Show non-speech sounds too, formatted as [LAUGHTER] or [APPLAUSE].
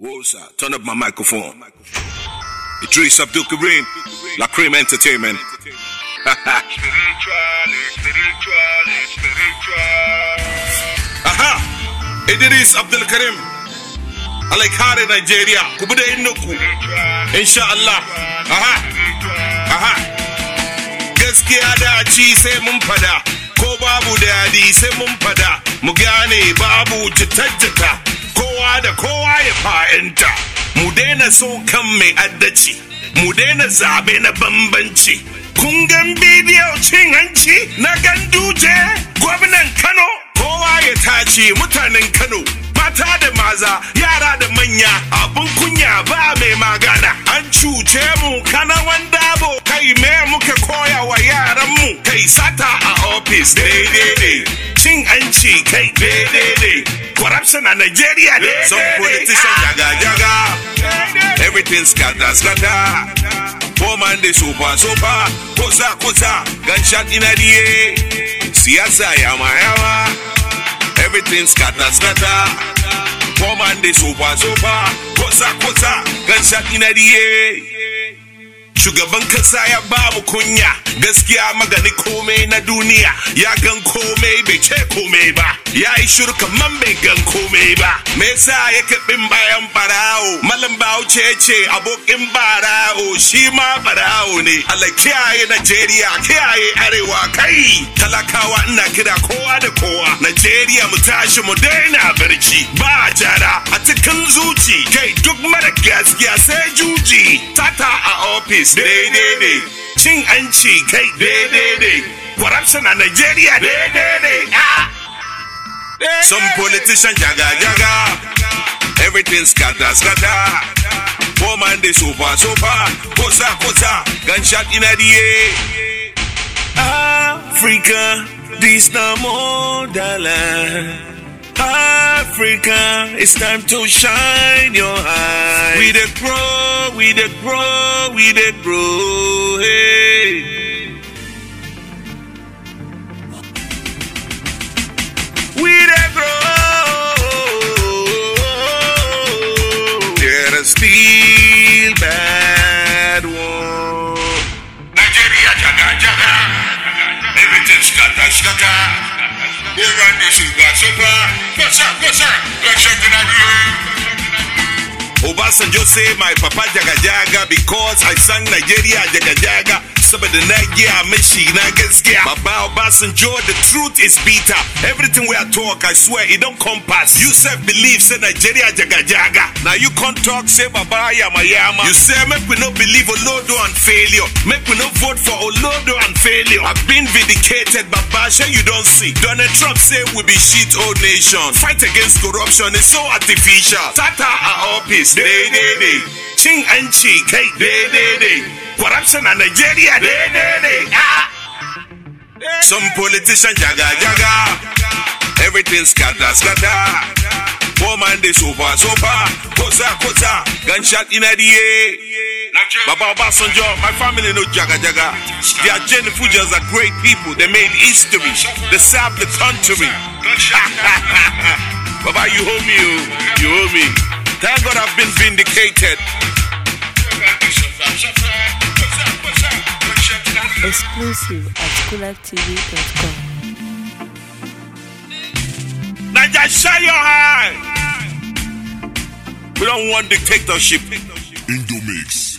Wosa, turn up my microphone. Idris Abdul Kareem, La Cream Entertainment. spiritual, spiritual, spiritual. Aha! Idris Abdul Karim. Alaikare Nigeria, kubude innuku. Insha Allah. Aha! Aha! Gaskiya da ci sai mun fada, ko babu dadi sai mun fada, mu gane babu jita-jita. Ko kowa da kowa ya fa'inta mu daina so mai addaci mu daina zabe na bambanci kun gan bidiyo cin hanci na ganduje gwamnan kano kowa ya tace mutanen kano mata da maza yara da manya abun kunya ba mai magana an cuce mu kana wanda bo kai me muka koya wa yaranmu kai sata a ofis daidai ne King and Chi, KJDD. Corruption and Nigeria. Some politician jaga ah. jaga. Everything scatter scatter. Poor man dey super super. Kosa kosa. Gunshot in the air. Siasa yama yama. Everything scatter scatter. Poor man dey super super. Kosa kosa. Gunshot in the air. shugaban kasa ya ba mu kunya gaskiya magani komai na duniya ya gan komai bai ce komai ba ya yi shirka man bai gan komai ba me yasa ya kaɓin bayan barawo malam bauchi ya ce abokin barawo shi ma barawo ne a kiyaye Najeriya kiyaye arewa kai talakawa ina kira kowa da kowa Najeriya mu tashi mu daina barci ba jara a cikin zuci kai duk mara gaskiya sai juji tata a office daidai cin hanci kai daidai ne corruption a Nigeria daidai ne some politician jaga jaga everything scatter scatter poor man dey sofa sofa kosa kosa gunshot in the air Africa this na more than land. Africa, it's time to shine your eyes. We the grow, we the grow, we the grow. Hey. We the grow. There are still bad. Babylon, this is Black Sopa. What's up, what's up? Black something I do. Obasanjo say my papa jaga jaga because I sang Nigeria jaga jaga. Sabadana, yeah, Michi, Nagaskia, Babao Bass and the truth is bitter. Everything we are talk, I swear, it don't come past. You say believe, say Nigeria jaga jaga. Now you can't talk, say Baba Yama Yama. You say, make we not believe Olodo and failure. Make we not vote for Olodo and failure. I've been vindicated, Baba, sure you don't see. Donald Trump say we be shit old nation. Fight against corruption is so artificial. Tata our office, day, day, day. Ching and chi, cake, day, day, day. Jackson and Nigeria. They, they, they, ah. Some politician jaga jaga. Everything scatter scatter. Poor man they super super. Kosa kosa. Gunshot in the air. Baba Obasanjo, my family no jaga jaga. The Ajani Fujas are great people. They made history. They served the country. [LAUGHS] Baba, you owe me. you owe me. Thank God I've been vindicated. Exclusive at schoolactv.com. Now just shut your eyes. We don't want dictatorship. mix.